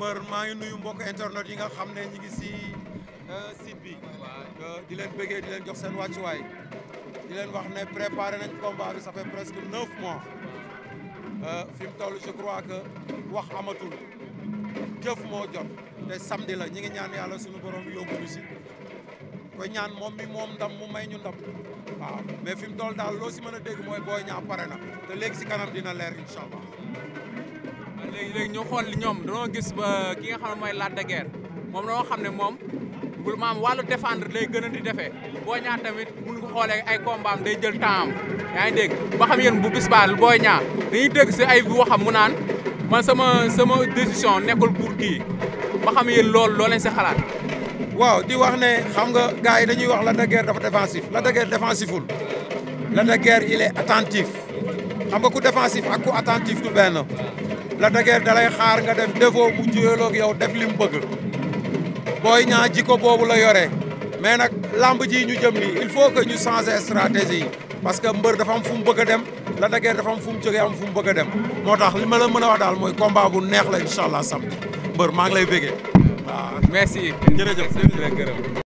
mër maa ngi nuyu mbokk internet yi nga xam ne ñi ngi si euh, site bi euh, di leen bëggee di leen jox seen wàccuwaay di leen wax ne préparé nañ combat bi ça fait presque neuf mois euh, fi toll je crois que wax amatul jëf moo jot te samedi la ñi ngi ñaan yàlla suñu borom yóbbu ñu si ko ñaan moom mi moom ndam mu may ñu ndam waaw mais fi mu toll daal loo si mën a dégg mooy booy ñaa pare na te léegi si kanam dina leer incha léegi léegi ñu xool ñoom dañoo gis ba ki nga xam mooy Lac de Guiers moom dañoo xam ne moom bul maam wàllu défendre lay gën a di defee Boy Niang tamit mun ko xoolee ay kombaam day jël temps yaa ngi dégg ba xam yéen bu gis baal Boy Niang dañuy dégg si ay waxam mu naan man sama sama décision nekkul pour kii ba xam yéen loolu loo si xalaat. waaw di wax ne xam nga gars yi dañuy wax Lac de Guiers dafa défensif Lac de Guiers défensiful Lac de Guiers il attentif xam nga ku défensif ak ku attentif du la dageer dalay xaar nga def défaut mu jiyaloog yow def li mu bëgg booy ñaa jiko boobu la yore mais nag lamb ji ñu jëm nii il faut que ñu changer stratégie yi parce que mbër dafa am fu mu bëgg dem la dageer dafa am fu mu jógee am fu mu bëgg a dem moo tax li ma la mën a wax daal mooy combat bu neex la incha allah samedi mbër maa ngi lay bégee waaw merci jërëjëf jërëjëf